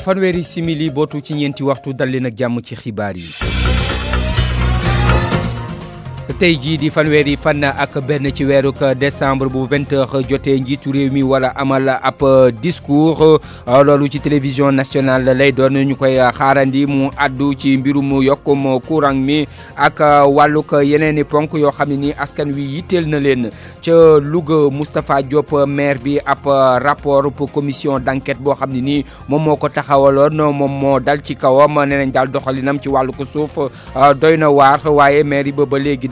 fanweeri simili bootu ci ñeenti waxtu dal leen ak jàmm ci xibaar yi. tey jii di fanweeri fan ak benn ci weeruk décembre bu vingt heures jotee njiitu réew mi wala amal ab discours loolu ci télévision nationale lay doon ñu koy xaarandi mu addu ci mbirum yokkum courant mi ak wàllug yeneen i ponk yoo xam ne nii askan wi yitteel na leen ca Louga Moustapha Diop maire bi ab rapport pour commission d'enquête boo xam ne nii moom moo ko taxawaloon moom moo dal ci kawam nee nañ daal doxalinam ci wàllu ko suuf doy na waar waaye maire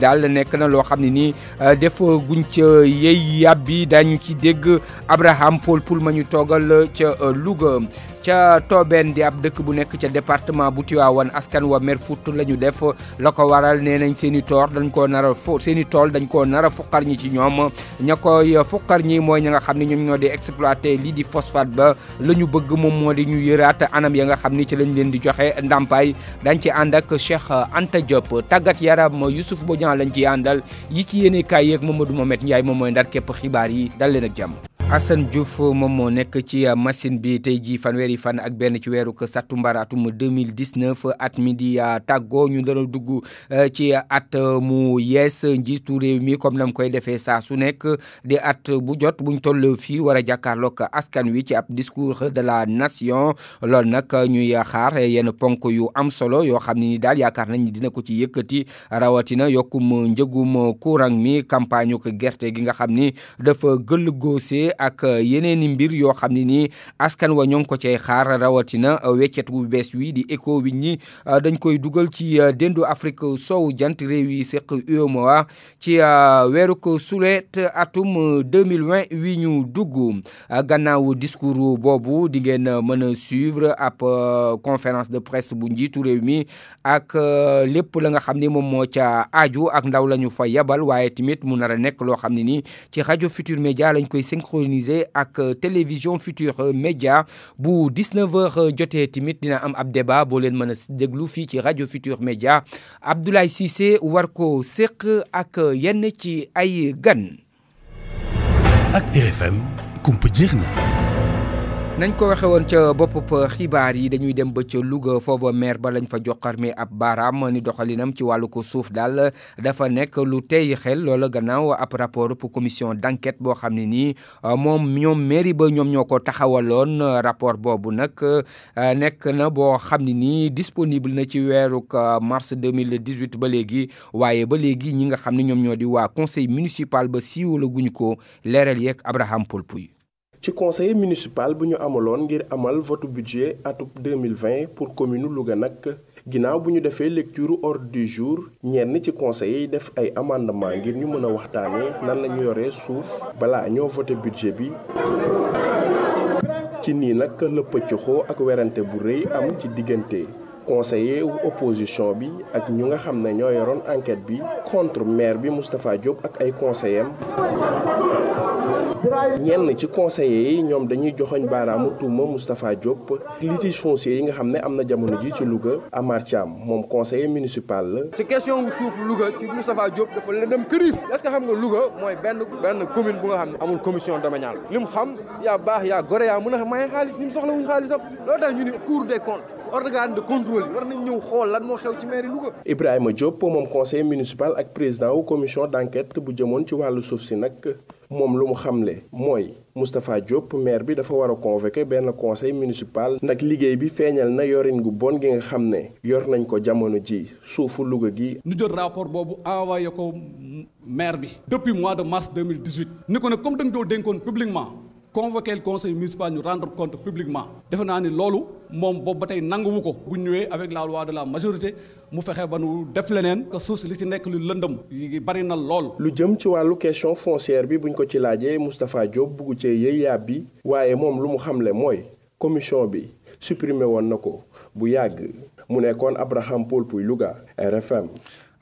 daal nekk na loo xam ne nii euh, def guñ ca yey yàbbi daañu ci dégg Abraham Paul Poul ma ñu toogal ca euh, Louga ca Tobène di ab dëkk bu nekk ca département bu Tivaouane askan wa mer futt la ñu def la ko waral nee nañ seen i toor dañ koo nar a fu seen tool dañ ko nar a fuqar ñi ci ñoom ña koy fuqar ñi mooy ña nga xam ne ñoom ñoo di exploité lii di phosphate ba la ñu bëgg moom moo di ñu yëraat anam ya nga xam ni ci lañ leen di joxe ndàmpaay dañ ci ànd ak Cheikh Anta Diop tàggat yaram Youssouf Bodian lañ ci àndal yi ci yéene kaay yeeg Mamadou Mohamed Ndiaye moom mooy ndar képp xibaar yi dal leen ak jàmm Assane Diouf moom moo nekk ci machine bi tey jii fanweeri fan ak benn ci weeru sattumbar atum 2019 at mi di euh, tàggoo ñu dara dugg euh, ci at mu yees njiitu réew mi comme nam koy defee saa su nekk di at bu jot buñ toll fii war a jàkkaarloog askan wi ci ab discours de la nation loolu nag ñuy xaar yenn ponk yu am solo yoo xam ne ni daal yaakaar nañ dina ko ci yëkkati rawatina yokkum njëgum courant mi campagne ko gerte gi nga xam ni dafa gëll ak euh, yeneen i mbir yoo xam ne nii askan wa ñoo ngi ko cay xaar rawatina euh, weccet wu bees wii di éco wi ñi euh, dañ koy dugal ci dendu Afrique sow jant réew yi seq UEMOA ci weeruk sulet atum 2020 wi ñu dugg gannaaw discours boobu di ngeen mën a suivre ab conférence de presse bu njiitu réew mi ak lépp la nga xam ni moom moo ca aaju ak ndaw lañu ñu fa yabal waaye tamit mu nar nekk loo xam ne nii ci rajo Futur Média lañ koy synchro synchronisé ak euh, télévision future euh, Média, bu 19h euh, jotee timit dina am ab débat boo Radio Futur Média, ci radio média Abdoulaye Cissé war ko séq ak yenn ci ay gan. ak RFM kumpa jeex nañ ko waxe woon ca bopp xibaar yi dañuy dem ba ca Louga foofa maire ba lañ fa joxar mi ab baaraam ni doxalinam ci wàllu ko suuf daal dafa nekk lu tey xel loola gannaaw ab rapport pour commission d'enquête boo xam ne nii moom ñoom mairie ba ñoom ñoo ko taxawaloon rapport boobu nag nekk na boo xam ne nii disponible na ci weeruk mars 2018 ba léegi waaye ba léegi ñi nga xam ne ñoom ñoo di waa conseil municipal ba siiwala ko leeral yeeg Abraham Polpuy ci conseil municipal bu ñu amaloon ngir amal vote budget atub 2020 pour commune Louga nag ginnaaw bu ñu defee lecture ordre du jour ñenn ci conseillers yi def ay amendement ngir ñu mën a waxtaanee nan la ñu yoree suuf balaa ñoo vote budget bi ci nii nag la pëcc xoo ak werante bu rëy am ci diggante conseiller wu opposition bi ak ñu nga xam ne ñoo yoroon enquête bi contre maire bi mustafaa Diop ak ay conseillers am ñenn ci conseillers yi ñoom dañuy joxoñ baaraamu tuuma Moustapha Diop litige foncier yi nga xam ne am na jamono ji ci Louga Amar Thiam moom conseiller municipal la. ci question wu suuf Louga ci Moustapha Diop dafa lëndëm këriis est-ce xam nga luga mooy benn benn commune bu nga xam ne amul commission domaniale lim xam yaa baax yaa gore yaa mën a maye xaalis ñun soxla organe de contrôle war nañ conseil municipal ak président la commission d'enquête, enquête bu jëmoon ci wàllu suuf si nag moom lu mu xamle mooy Moustapha Diop maire conseil municipal. nag liggéey bi feeñal na yorin gu bon nga xam yor nañ ko ji rapport boobu envoyé ko maire depuis mois de mars 2018. ni ko ne comme publiquement convoquer le conseil municipal nous rendre compte publiquement defe naa ni loolu moom boobu ba tey ko bu avec la loi de la majorité mu fexé ba nu def lenen que sous li ci nek lu lëndëm yi bari na lool. lu jëm ci walu question foncière bi buñ ko ci laajee Mustapha Diop bu cee yëy bi wayé mom lu mu xamlé moy commission bi supprimer won nako bu yagg mu nekkoon Abraham Paul Pouy Louga RFM.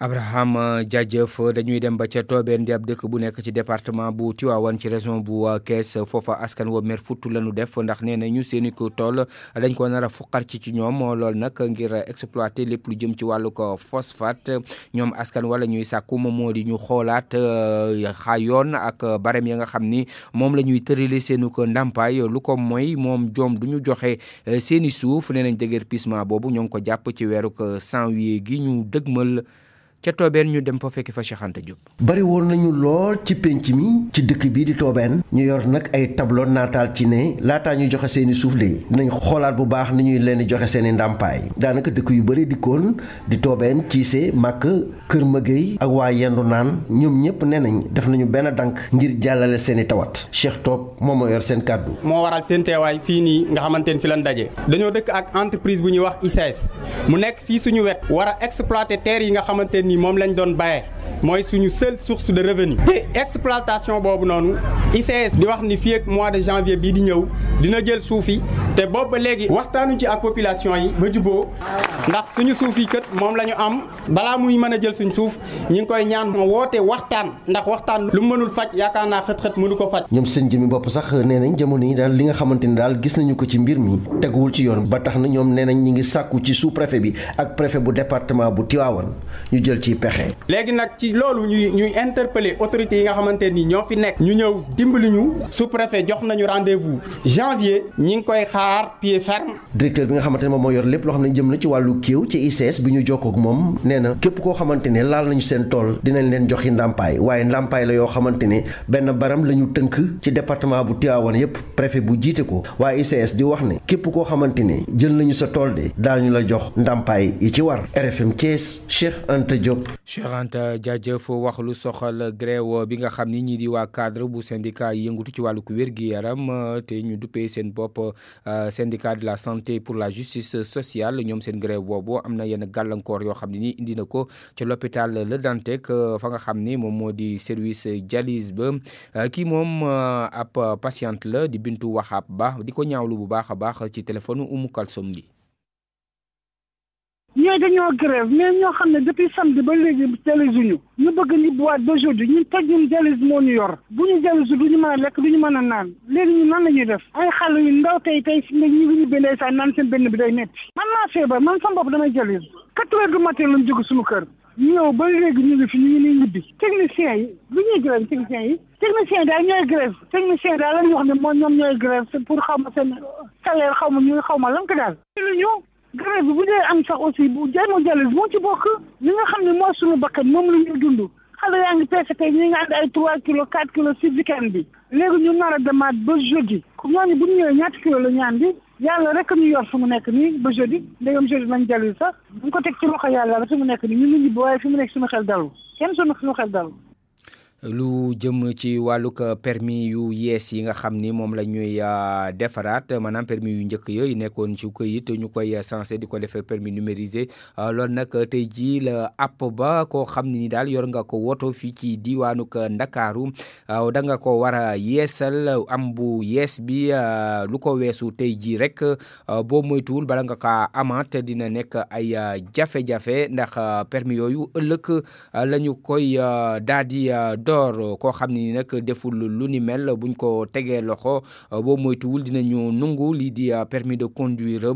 Abraham euh, jaajëf dañuy dem ba ca Toobeen di ab dëkk bu nekk ci département bu Tiwaawan ci région bu euh, Kees foofa askan wa mer futt la ñu def ndax nee na ñu seeni ko tool dañ ko nar a fuqar ci ci ñoom loolu nag ngir exploiter lépp lu jëm ci wàllu ko phosphate ñoom askan wala ñuy sàkku moom moo di ñu xoolaat euh, xa yoon ak barem ya nga xam ni moom la ñuy tërale seeni ko ndàmpaay lu ko mooy moom joom du ñu joxe seeni suuf nee nañ dëgër pissement boobu ñoo ko jàpp ci weeru ca toobeen ñu dem fa fekki fa Cheikh Anta Diop bari woon nañu lool ci penc mi ci dëkk bii di toobeen ñu yor nak ay tableau Natal ci ne laataa ñu joxe seeni suuf de dinañ xoolaat bu baax ni ñuy leen di joxe seeni ndàmpaay daanaka dëkk yu bëri dikkoon di toobeen ciise màkk kër mëgéey ak waa yendu naan ñoom ñëpp nee def nañu benn dank ngir jàllale seeni tawat Cheikh Top moom moo yor seen kàddu moo waral seen teewaay fii nii nga xamante ne fi lan daje dañoo dëkk ak entreprise bu ñuy wax ICS mu nekk fii suñu wet wara a exploiter terre yi nga xamante nii moom lañ doon bayee mooy suñu seule source de revenu te exploitation boobu noonu ICS di wax ni fii ak mois de janvier bii di ñëw dina jël suufi te boobu ba léegi waxtaanuñ ci ak population yi ba juboo ndax suñu suuf yi kët moom la ñu am balaa muy mën a jël suñu suuf ñi ngi koy ñaan woote waxtaan ndax waxtaan lu mënul faj yaakaar naa xët-xët mënu ko faj ñoom seen jëmi bopp sax nee nañ jamono yi daal li nga xamante ni daal gis nañu ko ci mbir mi teguwul ci yoon ba tax na ñoom nee nañ ñi ngi sàkku ci sous préfet bi ak préfet bu département bu Tivaouane ci pexe. léegi nag ci loolu ñuy ñuy interpeller autorités yi nga xamante ni ñoo fi nekk ñu ñëw dimbali ñu su préfet jox nañu rendez-vous janvier ñi ngi koy xaar pied ferme. directeur bi nga xamante ne moom moo yor lépp loo xam ne jëm na ci wàllu kiiw ci ICS bi ñu jokkoo ak moom nee na képp koo xamante ne laal nañu seen tool dinañ leen jox joxi ndàmpaay waaye ndàmpaay la yoo xamante ne benn baram la ñu tënk ci département bu Tivaouane yépp préfet bu jiite ko waaye ICS di wax ne képp koo xamante ne jël nañu sa tool de daal la jox ndàmpaay Diop. Cheikh Anta jaajëf wax lu soxal grève bi nga xam ni ñii di waa cadre bu syndicat yi yëngatu ci wàllu wér gi yaram te ñu duppee seen bopp euh, syndicat de la santé pour la justice sociale ñoom seen grève boobu am na yenn gàllankoor yoo xam ne ni indi na ko ci l'hôpital la Dantec euh, fa nga xam ni moom moo di service dialyse ba euh, kii moom ab patiente la di Bintu Waxaab Ba di ko ñaawlu bu baax a baax ci téléphone Umu Kalsom li ñooy dañoo grève mais ñoo xam ne depuis samedi ba léegi jalisuñu ñu bëgg ni boîte d'aujourd'hui ñun toj ñun jalis moo ñu yor bu ñu jalisu du ñu mën a lekk du ñu mën a naan léegi ñu nan la ñuy def ay xale yu ndaw tey tey si ne ñu ngi ñu bindee sax naan seen benn bi day metti man naa feebar man sama bopp damay jalis quatre heures du matin lañ jóg suñu kër ñëw ba léegi ñu ngi fi ñu ngi nii ñibbi techniciens yi lu ñuy grève yi techniciens yi daal ñooy grève techniciens yi daal lañu ne moom ñoom ñooy pour xaw ma seen salaire xaw ma ñu xaw ma lan ko daal grève bi bu dee am sax aussi bu hémodialyse moo ci bokk li nga xam ne mooy suñu bakkan moom la ñuy dund xale yaa ngi peese tey ñu ngi ànd ay trois kilos quatre bi léegi ñu nar a demaat ba jeudi ñooñu bu ñu ñëwee ñaata kilos la ñaan bi yàlla rek ñu yor fu mu nekk nii ba jeudi ndegam jeudi nañ jalil sax bu ñu ko teg ci loxo yàlla rek fi mu nekk nii ñu ngi ñu waaye fi mu nekk suñu xel dalu kenn suñu suñu xel dalu lu jëm ci wàllug permis yu yees yi nga xam ni moom la ñuy euh, defaraat maanaam permis yu njëkk yooyu nekkoon ci këyit ñu koy censé di ko defar permis numérisé euh, loolu nag tey jii la app ba koo xam ni daal yor nga ko woto fii ci diwaanu Ndakaaru euh, da danga ko war a yeesal am bu yees bi lu ko weesu tey jii rek boo moytuwul bala nga kaa amaat dina nekk ay jafe-jafe ndax permis yooyu ëllëg la ñu koy daal di d'or uh, koo xam ni nag deful lu ni mel buñ ko tegee loxo uh, bo moytuwul dinañu nungu lii di uh, permis de conduire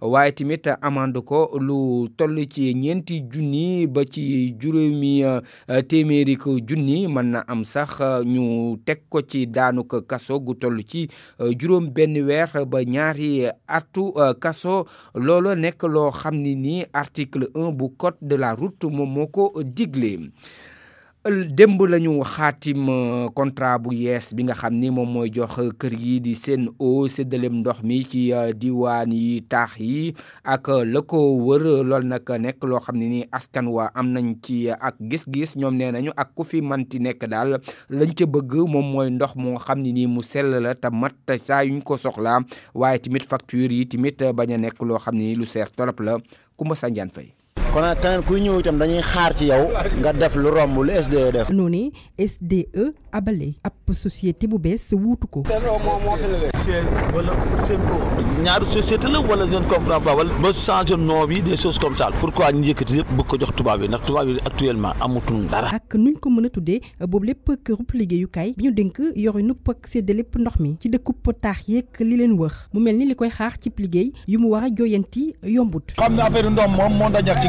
waaye tamit amande ko lu toll ci ñeenti junni ba ci juróomi téeméeri ko junni mën na am sax ñu teg ko ci daanuka kaso gu toll ci juróom benn weer ba ñaari atu kaso loolo nekk loo xam ne ni article un bu code de la route moom moo ko digle démb la ñu xaatim euh, contrat bu yees bi nga xam ni moom mooy jox kër yi di seen o séddaleem ndox mi ci euh, diwaan yi taax yi ak euh, la ko wër lool nag nekk loo xam ne nii askan waa am nañ ci ak gis-gis ñoom nee nañu ak ku fi manti nekk daal lañ ca bëgg moom mooy ndox moo xam ne nii mu sell la te mat saa yuñ ko soxla waaye tamit facture yi tamit bañ a nekk loo xam ni lu seer torop la Kumba Sanjaan Fay kon nag keneen kuy ñëw itam dañuy xaar ci yow nga def lu romb lu SDE def. ni SDE abale ab société bu bees wuutu ko. ñaari société la wala je ne comprends pas wala. ba changé nom bi des choses comme ça pourquoi ñu yëkkati yëpp bëgg ko jox tubaab yi ndax tubaab yi actuellement amatul dara. ak nuñ ko mën a tuddee boobu lépp kërub liggéeyukaay bi ñu dénk yoru nupp ak sédd lépp ndox mi ci dëkku potaax yeeg li leen wëx mu mel ni li koy xaar cib liggéey yu mu war a jooyanti yombut. xam ne affaire ndom moom moo dañu ci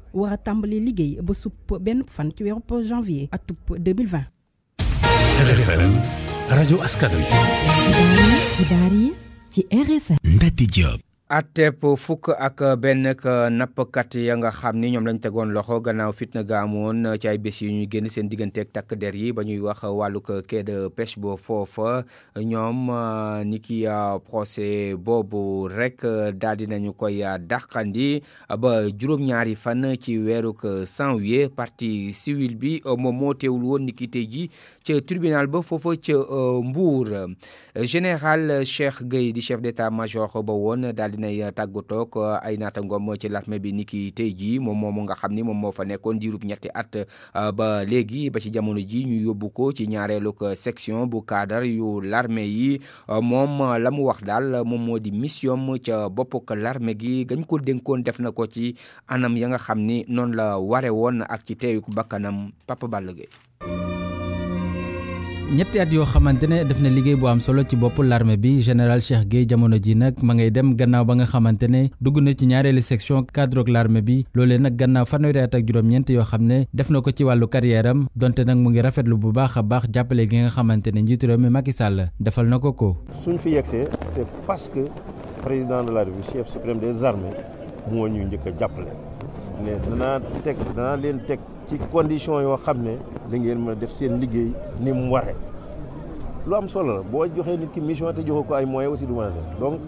war tambali tàmbali liggéey ba supp benn fan ci weeru janvier atub 2020. RFM rajo askan wi. xibaar yi ci RFM. Ndate job atep fukk ak benn nappkat ya nga xam ni ñoom lañu tegoon loxo gannaaw fitna gaamoon amoon ci ay bés yu ñu génn seen digganteeg takk der yi ba ñuy wax wàllug quai de pêche foofa ñoom euh, ni ki euh, procès boobu rek daal di nañu koy euh, dàqandi ba juróom-ñaari fan ci weeruk janvier parti siwil bi moom moo teewul woon ni ki ji ca tribunal ba foofa ca Mbour général Cheikh Gueye di chef d'état-major ba woon daal nay tàggatoo ak uh, ay naataangoom ci l'armée bi niki tey jii moom moomu nga xam ni moom moo fa nekkoon diirub ñetti at uh, ba léegi ba ci jamono ji ñu yóbbu ko ci ñaareelu section bu cadre yu larme yi uh, moom la mu wax daal moom moo di mission ca bopp ak l'armée gi gañ ko dénkoon def na ko ci anam ya nga xam ni noonu la ware woon ak ci teeyu bakkanam Papa Balla Gueye ñetti at yoo xamante ne def na liggéey bu am solo ci boppu l'armée bi général Cheikh Guèye jamono ji nag ma ngay dem gannaaw ba nga xamante ne dugg na ci ñaareelu section cadre l'armée bi loolee nag gannaaw fanweeri at ak juróom-ñeent yoo xam ne def na ko ci wàllu carrière am donte nag mu ngi rafetlu bu baax a baax jàppale gi nga xamante ne njiitu réew mi Macky Sall defal na ko ko. suñ fi yegsee c'est parce président de la République chef suprême des armées a ci condition yoo xam ne da ngeen mën def seen liggéey ni mu waree lu am solo la boo joxee nit ki mission te joxe ko ay moyens aussi du mën a def donc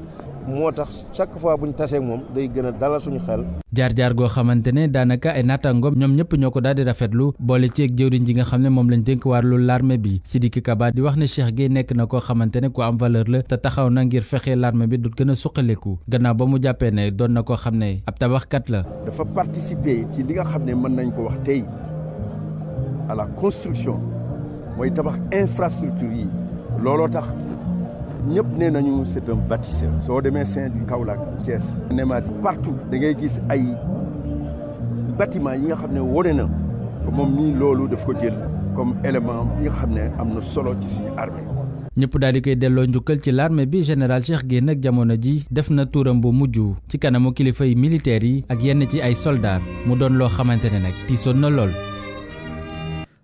moo tax chaque fois bu ñu tasee moom day gën dalal suñu xel. jaar-jaar goo xamante ne daanaka ay naataangoom ñoom ñëpp ñoo ko daal di rafetlu boole ci ak jëwriñ ji nga xam ne moom lañ dénk wàllu l'armée bi Sidiki Kaba di wax ne Cheikh Gueye nekk na koo xamante ne ku am valeur la te taxaw na ngir fexe l'armée bi du gën a suqaliku gannaaw ba mu jàppee ne doon na koo xam ne ab tabaxkat la. dafa participer ci li nga xam ne mën nañ ko wax tey à la construction ñëpp nee nañu c'est un bâtisseur. soo demee Saint-Louis Kaolack Thiès. Némad partout da ngay gis ay bâtiment yi nga xam ne wone na moom mii loolu dafa ko jël comme élément yi nga xam ne am na solo ci suñu armée. ñëpp daal di koy delloo njukkal ci l'armée bi général Cheikh Guèye nag jamono ji def na tuuram bu mujj ci kanamu kilifa yi militaires yi ak yenn ci ay soldats mu doon loo xamante ne nag tiisoon na lool.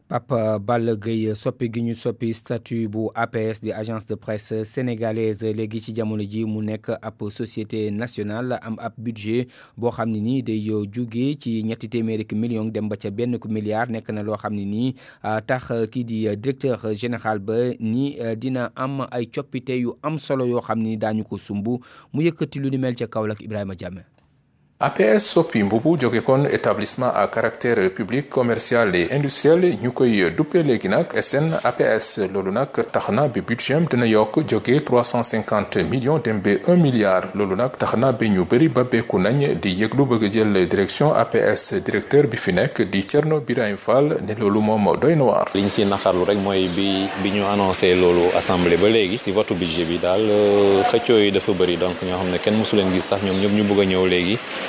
Papa balle Sopi soppi Sopi statut bu APS di agence de presse sénégalaise Legi ci jamono ji mu société nationale am ap budget bo de Yo day n'y ci ñetti million dem ba milliard nek na lo ah, di directeur général ni ah, dina am ay am solo yo xamni dañu ko APS soppi mbubu jóge kon établissement à caractère public commercial et industriel ñu koy duppee léegi nag SN APS loolu nag bi budget dina yokk jóge 350 millions dem 1 milliard loolu nag tax na ba ñu bëri ba nañ di yeglu bëgg jël direction APS directeur bi fi nekk di Thierno Birahim Fall ne loolu moom doy noir. waar. li ñu rek moy bi bi ñu annoncé lolu assemblée ba léegi si votre budget bi dal, euh, xëccoo yi dafa bëri donc ñoo xam ne kenn mosu leen gis sax ñoom ñëpp ñu ñëw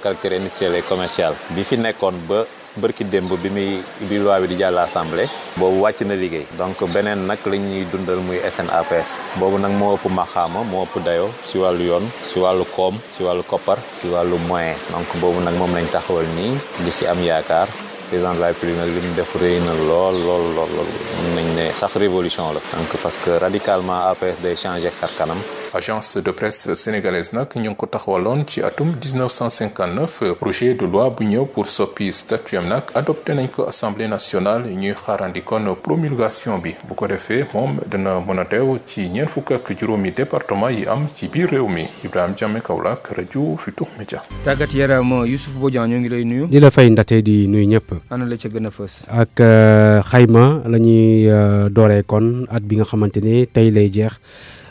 caractère industriel et commercial bi fi nekkoon ba bërki démb bi muy bi loi bi di jàll assemblée boobu wàcc na liggéey donc beneen nag la ñuy dundal muy SNAPS boobu nag moo ëpp maxaama moo ëpp dayo si wàllu yoon si wàllu koom si wàllu koppar si wàllu moyen donc boobu nag moom lañ taxawal nii di si am yaakaar président de la République nag li mu def rëy na lool lool lool lool mun nañ ne sax révolution la donc parce que radicalement APS day changé xar kanam agence de presse sénégalaise NAK ñu ko taxawaloon ci atum 1959 projet de loi bu ñëw pour Sopi statut NAK adopté nañ ko assemblée nationale ñuy xaarandikoon promulgation bi bu ko defee mom dana mën a ci ñen fuk ak juróomi département yi am ci biir réew mi Ibrahima Diame Kaolack rajo Futurs Médias. tagat yaram Youssouf Bodian ñu ngi lay nuyu. di fay ndaté di nuyu ñëpp. ana la ci gëna a ak euh, xayma lañuy euh, doré kon at bi nga xamante tay lay jeex.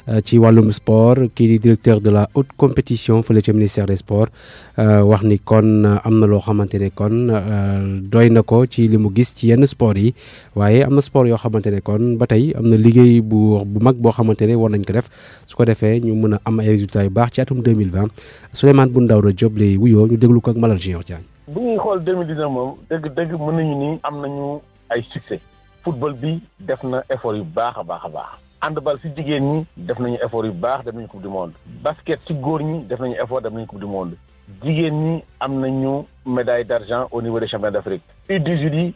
Euh, ci walum sport kii di directeur de la haute compétition fele ca ministère des sports euh, wax ni kon euh, amna lo xamantene kon doy na ko ci limu mu gis ci yenn sport yi waaye am na sport yoo xamantene kon ba tey am na liggéey bu bu mag boo xamantene ne war nañ ko def su ko defee ñu mën a am ay résultats yu baax ci atum 2020 Souleymane Boun Daouda Diop lay wuyoo ñu déglu ko ak Malal Junior Diagne. bu ñuy xool 2019 moom dëgg dëgg mën nañu ni am nañu ay succès football bi def na effort yu baax a baax a baax handball si jigéen ñi def nañu effort yu baax def nañu coupe du monde basket si góor ñi def nañu effort def nañu coupe du monde jigéen ñi am nañu médaille d'argent au niveau des championnats d'Afrique U18 yi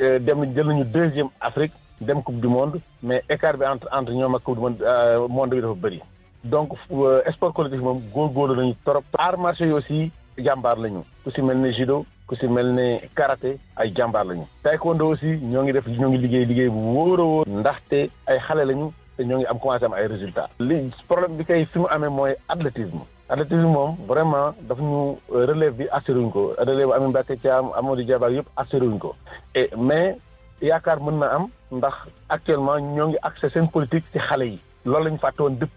euh, dem jël nañu deuxième Afrique dem coupe du monde mais écart bi entre entre ñoom ak coupe du monde euh, monde bi dafa bëri donc euh, sport collectif moom góorgóorlu nañu trop arts martiaux yi aussi jàmbaar lañu ku si mel ne judo ku si mel ne karaté ay jàmbaar lañu taekwondo aussi ñoo ngi def ñoo ngi liggéey liggéey bu wóor a wóor ndaxte ay xale lañu ñoo ngi am commencé am ay résultats. li problème bi kay fi mu amee mooy athlétisme. athlétisme moom vraiment daf ñu euh, relève bi assuré wuñ ko relève Amy Mbacké Thiam Amadou Dia Ba yëpp assuré ko. mais yaakaar mën na am ndax actuellement ñoo ngi accès seen politique ci xale yi. loolu la ñu fàtte woon dëpp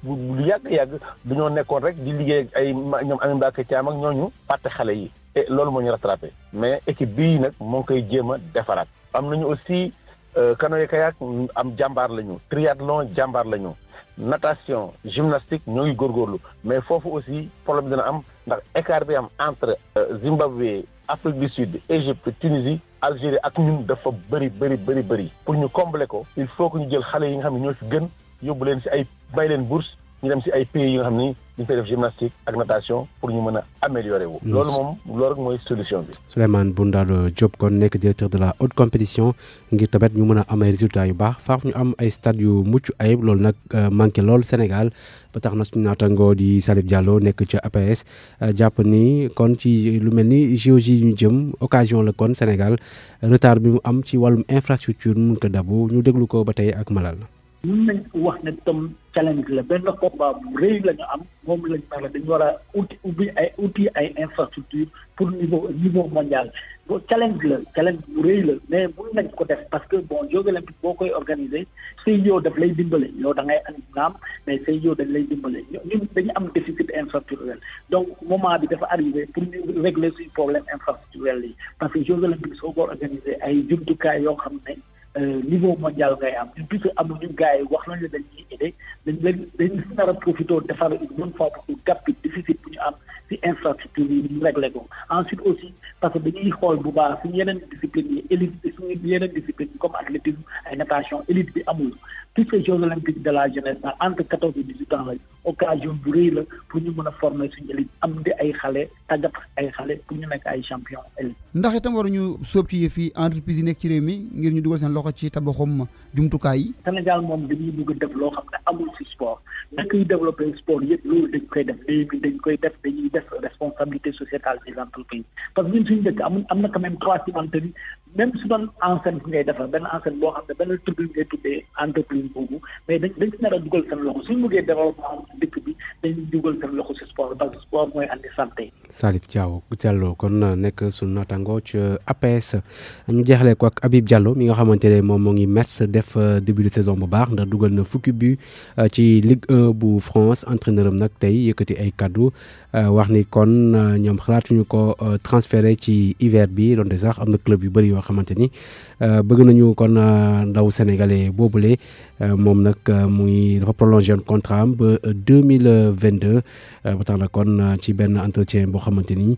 yàgg-yàgg dañoo nekkoon rek di liggéey ak ay ñoom Amy Mbacké Thiam ak ñooñu fàtte xale yi. loolu moo ñu rattrapé mais équipe bi nag moo koy jéem a defaraat. am nañu aussi. canoë euh, kayak am jambar lañu triathlon jambar lañu natation gymnastique ñoo ngi góorgóorlu mais fofu aussi problème dina am ndax écart bi am entre euh, Zimbabwe Afrique du Sud Égypte Tunisie Algérie ak ñun dafa bari bari bari bari pour ñu combler ko il faut que ñu jël xalé yi nga xam ñoo ci gën yóbbu ci ay bay bourse ñu dem ci ay pays yi nga xam ni ñu fay def gymnastique ak natation pour ñu mën a améliorer wu. loolu moom loolu rek mooy solution bi. Souleymane Boundal job kon nekk directeur de la haute compétition ngir tamit ñu mën a am ay résultats yu baax faaf ñu am ay stade yu mucc ayib loolu nag euh, manqué lool Sénégal ba tax na suñu naataango di salib Diallo nekk ci APS euh, jàpp ni kon ci lu mel ni JOJ ñu jëm occasion la kon Sénégal retard bi mu am ci wàllum infrastructure mu ko dabu ñu déglu ko ba tey ak Malal. mun nañ wax ne tam challenge la benn combat bu rëy la am moom lañ nar a dañu war a outil ubbi ay outil ay infrastructure pour niveau niveau mondial bon challenge la challenge bu rëy la mais mun nañ ko def parce que bon Jeux olympiques boo koy organiser say yow daf lay dimbale yow da ngay am naam mais say yow dañ lay dimbale ñun dañu am déficit infrastructurel donc moment bi dafa arrivé pour ñu régler suñu problème infrastructurel yi parce que Jeux olympiques soo ko organiser ay jumtukaay yoo xam ne Euh, niveau mondial ngay puisque dañ dañ dañ une difficile am si infrastructure yi ñu réglé ko ensuite aussi parce que dañuy xool bu baax suñu yeneen discipline yi élite suñu yeneen discipline comme athlétisme ay natation élite bi amul tous ces jeux olympiques de la jeunesse là entre 14 et 18 ans lañ occasion bu rëy la pour ñu mën a former suñu élite am di ay xale tàggat ay xale pour ñu nekk ay champion élite ndax itam waruñu sóob ci yëf entreprise yi nekk ci réew mi ngir ñu dugal seen loxo ci tabaxum jumtukaay yi Sénégal moom dañuy bëgg a def loo xam ne amul si sport dañ développer développé sport yëpp loolu dañ koy def dañ koy def dañuy def responsabilité sociétale des entreprises parce que nous suñu dëkk amuñ quand même trois cimenteries même su doon enseigne bi ngay defar benn enseigne boo xam ne benn tur bi ngay tuddee entreprise beaucoup, mais dañ dañ si nar a dugal seen loxo suñu bëggee développement dëkk bi dañuy dugal seen loxo si sport parce que sport mooy andi santé. Salif Diao Diallo kon nek sun natango ci APS ñu jeexalee ko ak Habib Diallo mi nga xamante ne moom moo ngi Metz def euh, début de saison bu baax ndax dugal na fukki but euh, ci Ligue 1 bu France entraîneur nak tay yëkëti ay cadeau euh, wax wax ni kon euh, ñoom xalaatuñu ko euh, transféré ci hiver bi donte sax am na club yu bëri yoo xamante ni euh, bëgg nañu kon ndaw sénégalais boobule moom nag muy dafa prolongé woon contrat am ba 2022 mille vingt ba tax na kon ci benn entretien boo xamante ni.